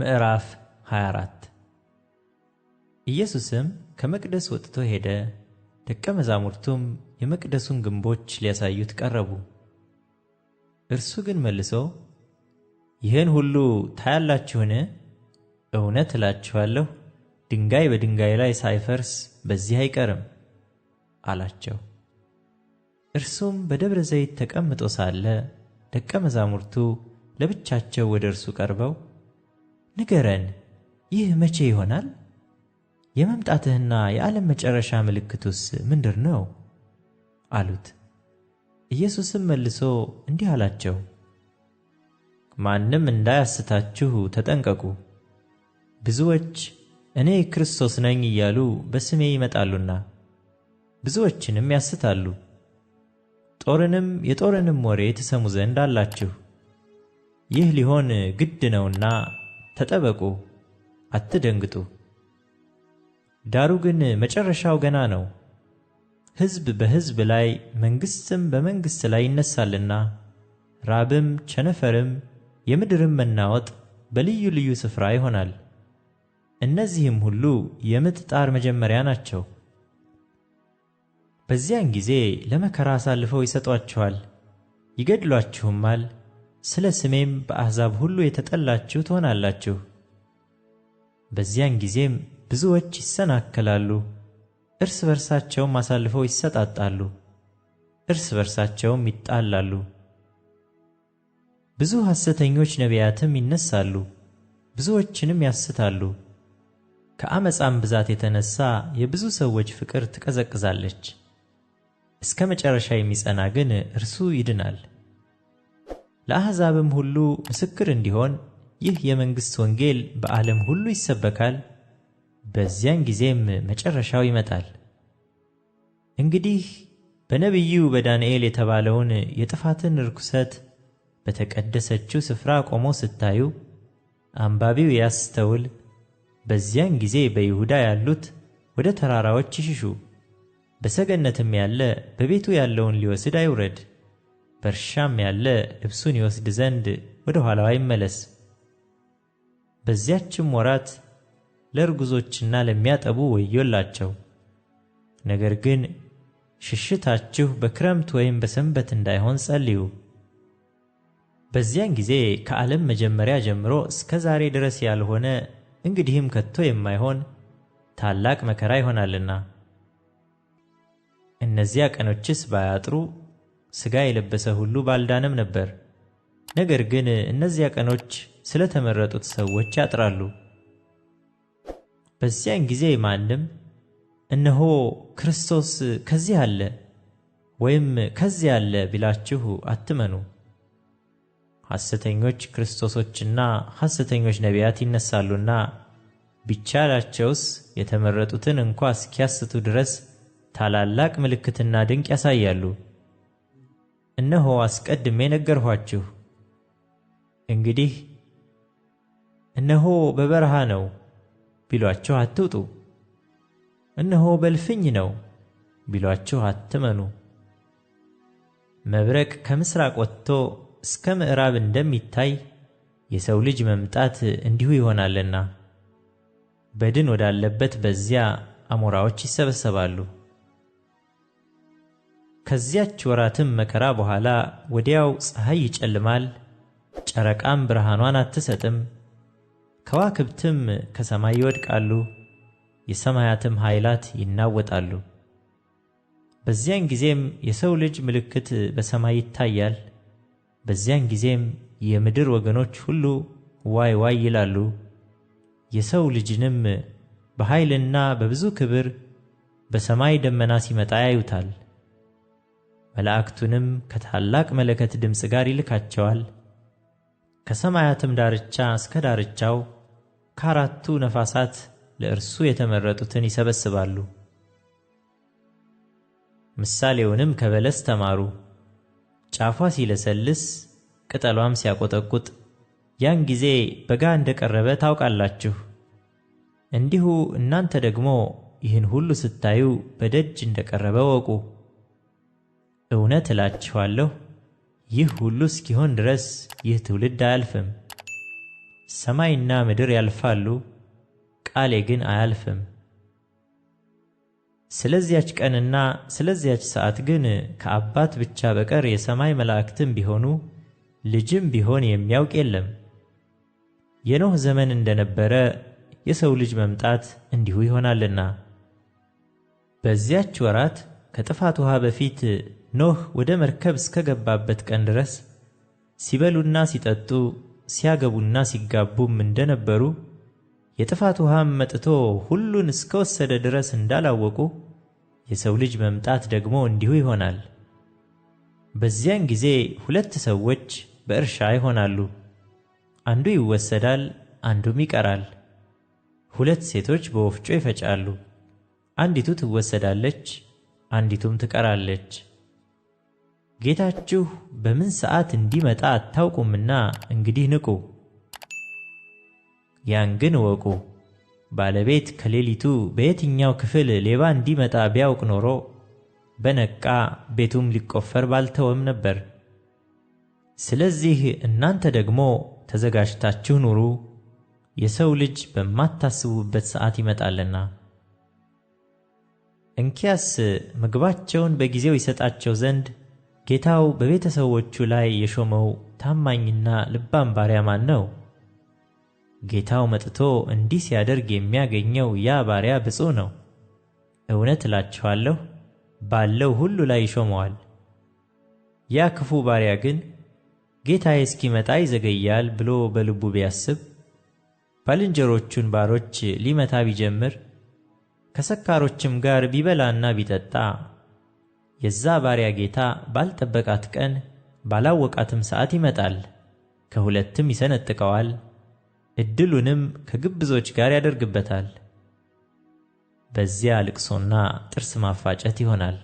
ምዕራፍ 24 ኢየሱስም ከመቅደስ ወጥቶ ሄደ፣ ደቀ መዛሙርቱም የመቅደሱን ግንቦች ሊያሳዩት ቀረቡ። እርሱ ግን መልሶ ይህን ሁሉ ታያላችሁን? እውነት እላችኋለሁ ድንጋይ በድንጋይ ላይ ሳይፈርስ በዚህ አይቀርም አላቸው። እርሱም በደብረ ዘይት ተቀምጦ ሳለ ደቀ መዛሙርቱ ለብቻቸው ወደ እርሱ ቀርበው ንገረን፣ ይህ መቼ ይሆናል? የመምጣትህና የዓለም መጨረሻ ምልክቱስ ምንድር ነው? አሉት። ኢየሱስም መልሶ እንዲህ አላቸው፣ ማንም እንዳያስታችሁ ተጠንቀቁ። ብዙዎች እኔ ክርስቶስ ነኝ እያሉ በስሜ ይመጣሉና ብዙዎችንም ያስታሉ። ጦርንም የጦርንም ወሬ ትሰሙ ዘንድ አላችሁ። ይህ ሊሆን ግድ ነውና ተጠበቁ፣ አትደንግጡ። ዳሩ ግን መጨረሻው ገና ነው። ሕዝብ በሕዝብ ላይ መንግሥትም በመንግሥት ላይ ይነሳልና ራብም፣ ቸነፈርም፣ የምድርም መናወጥ በልዩ ልዩ ስፍራ ይሆናል። እነዚህም ሁሉ የምጥ ጣር መጀመሪያ ናቸው። በዚያን ጊዜ ለመከራ አሳልፈው ይሰጧችኋል፣ ይገድሏችሁማል ስለ ስሜም በአሕዛብ ሁሉ የተጠላችሁ ትሆናላችሁ። በዚያን ጊዜም ብዙዎች ይሰናከላሉ፣ እርስ በርሳቸውም አሳልፈው ይሰጣጣሉ፣ እርስ በርሳቸውም ይጣላሉ። ብዙ ሐሰተኞች ነቢያትም ይነሳሉ፣ ብዙዎችንም ያስታሉ። ከአመፃም ብዛት የተነሳ የብዙ ሰዎች ፍቅር ትቀዘቅዛለች። እስከ መጨረሻ የሚጸና ግን እርሱ ይድናል። ለአሕዛብም ሁሉ ምስክር እንዲሆን ይህ የመንግሥት ወንጌል በዓለም ሁሉ ይሰበካል፣ በዚያን ጊዜም መጨረሻው ይመጣል። እንግዲህ በነቢዩ በዳንኤል የተባለውን የጥፋትን ርኩሰት በተቀደሰችው ስፍራ ቆሞ ስታዩ አንባቢው ያስተውል። በዚያን ጊዜ በይሁዳ ያሉት ወደ ተራራዎች ይሽሹ፣ በሰገነትም ያለ በቤቱ ያለውን ሊወስድ አይውረድ። በእርሻም ያለ ልብሱን ይወስድ ዘንድ ወደ ኋላው አይመለስ። በዚያችም ወራት ለእርጉዞችና ለሚያጠቡ ወዮላቸው። ነገር ግን ሽሽታችሁ በክረምት ወይም በሰንበት እንዳይሆን ጸልዩ። በዚያን ጊዜ ከዓለም መጀመሪያ ጀምሮ እስከ ዛሬ ድረስ ያልሆነ እንግዲህም ከቶ የማይሆን ታላቅ መከራ ይሆናልና። እነዚያ ቀኖችስ ባያጥሩ ሥጋ የለበሰ ሁሉ ባልዳነም ነበር። ነገር ግን እነዚያ ቀኖች ስለ ተመረጡት ሰዎች ያጥራሉ። በዚያን ጊዜ ማንም እነሆ ክርስቶስ ከዚህ አለ ወይም ከዚህ አለ ቢላችሁ አትመኑ። ሐሰተኞች ክርስቶሶችና ሐሰተኞች ነቢያት ይነሳሉና ቢቻላቸውስ የተመረጡትን እንኳ እስኪያስቱ ድረስ ታላላቅ ምልክትና ድንቅ ያሳያሉ። እነሆ አስቀድሜ ነገርኋችሁ። እንግዲህ እነሆ በበረሃ ነው ቢሏችሁ አትውጡ፣ እነሆ በልፍኝ ነው ቢሏችሁ አትመኑ። መብረቅ ከምሥራቅ ወጥቶ እስከ ምዕራብ እንደሚታይ የሰው ልጅ መምጣት እንዲሁ ይሆናልና በድን ወዳለበት በዚያ አሞራዎች ይሰበሰባሉ። ከዚያች ወራትም መከራ በኋላ ወዲያው ፀሐይ ይጨልማል፣ ጨረቃም ብርሃኗን አትሰጥም፣ ከዋክብትም ከሰማይ ይወድቃሉ፣ የሰማያትም ኃይላት ይናወጣሉ። በዚያን ጊዜም የሰው ልጅ ምልክት በሰማይ ይታያል። በዚያን ጊዜም የምድር ወገኖች ሁሉ ዋይ ዋይ ይላሉ። የሰው ልጅንም በኃይልና በብዙ ክብር በሰማይ ደመና ሲመጣ ያዩታል። መላእክቱንም ከታላቅ መለከት ድምፅ ጋር ይልካቸዋል። ከሰማያትም ዳርቻ እስከ ዳርቻው ከአራቱ ነፋሳት ለእርሱ የተመረጡትን ይሰበስባሉ። ምሳሌውንም ከበለስ ተማሩ። ጫፏ ሲለሰልስ ቅጠሏም ሲያቆጠቁጥ ያን ጊዜ በጋ እንደቀረበ ታውቃላችሁ። እንዲሁ እናንተ ደግሞ ይህን ሁሉ ስታዩ በደጅ እንደቀረበ ወቁ። እውነት እላችኋለሁ ይህ ሁሉ እስኪሆን ድረስ ይህ ትውልድ አያልፍም። ሰማይና ምድር ያልፋሉ፣ ቃሌ ግን አያልፍም። ስለዚያች ቀንና ስለዚያች ሰዓት ግን ከአባት ብቻ በቀር የሰማይ መላእክትም ቢሆኑ ልጅም ቢሆን የሚያውቅ የለም። የኖኅ ዘመን እንደነበረ የሰው ልጅ መምጣት እንዲሁ ይሆናልና። በዚያች ወራት ከጥፋት ውሃ በፊት ኖህ ወደ መርከብ እስከገባበት ቀን ድረስ ሲበሉና ሲጠጡ ሲያገቡና ሲጋቡም እንደነበሩ የጥፋት ውሃም መጥቶ ሁሉን እስከወሰደ ድረስ እንዳላወቁ የሰው ልጅ መምጣት ደግሞ እንዲሁ ይሆናል። በዚያን ጊዜ ሁለት ሰዎች በእርሻ ይሆናሉ፣ አንዱ ይወሰዳል፣ አንዱም ይቀራል። ሁለት ሴቶች በወፍጮ ይፈጫሉ፣ አንዲቱ ትወሰዳለች፣ አንዲቱም ትቀራለች። ጌታችሁ በምን ሰዓት እንዲመጣ አታውቁምና እንግዲህ ንቁ። ያን ግን እወቁ፣ ባለቤት ከሌሊቱ በየትኛው ክፍል ሌባ እንዲመጣ ቢያውቅ ኖሮ በነቃ ቤቱም ሊቆፈር ባልተወም ነበር። ስለዚህ እናንተ ደግሞ ተዘጋጅታችሁ ኑሩ፣ የሰው ልጅ በማታስቡበት ሰዓት ይመጣልና። እንኪያስ ምግባቸውን በጊዜው ይሰጣቸው ዘንድ ጌታው በቤተሰቦቹ ላይ የሾመው ታማኝና ልባም ባሪያ ማን ነው? ጌታው መጥቶ እንዲህ ሲያደርግ የሚያገኘው ያ ባሪያ ብፁዕ ነው። እውነት እላችኋለሁ ባለው ሁሉ ላይ ይሾመዋል። ያ ክፉ ባሪያ ግን ጌታዬ እስኪመጣ ይዘገያል ብሎ በልቡ ቢያስብ፣ ባልንጀሮቹን ባሮች ሊመታ ቢጀምር፣ ከሰካሮችም ጋር ቢበላና ቢጠጣ የዛ ባሪያ ጌታ ባልጠበቃት ቀን ባላወቃትም ሰዓት ይመጣል፣ ከሁለትም ይሰነጥቀዋል፣ እድሉንም ከግብዞች ጋር ያደርግበታል። በዚያ ልቅሶና ጥርስ ማፋጨት ይሆናል።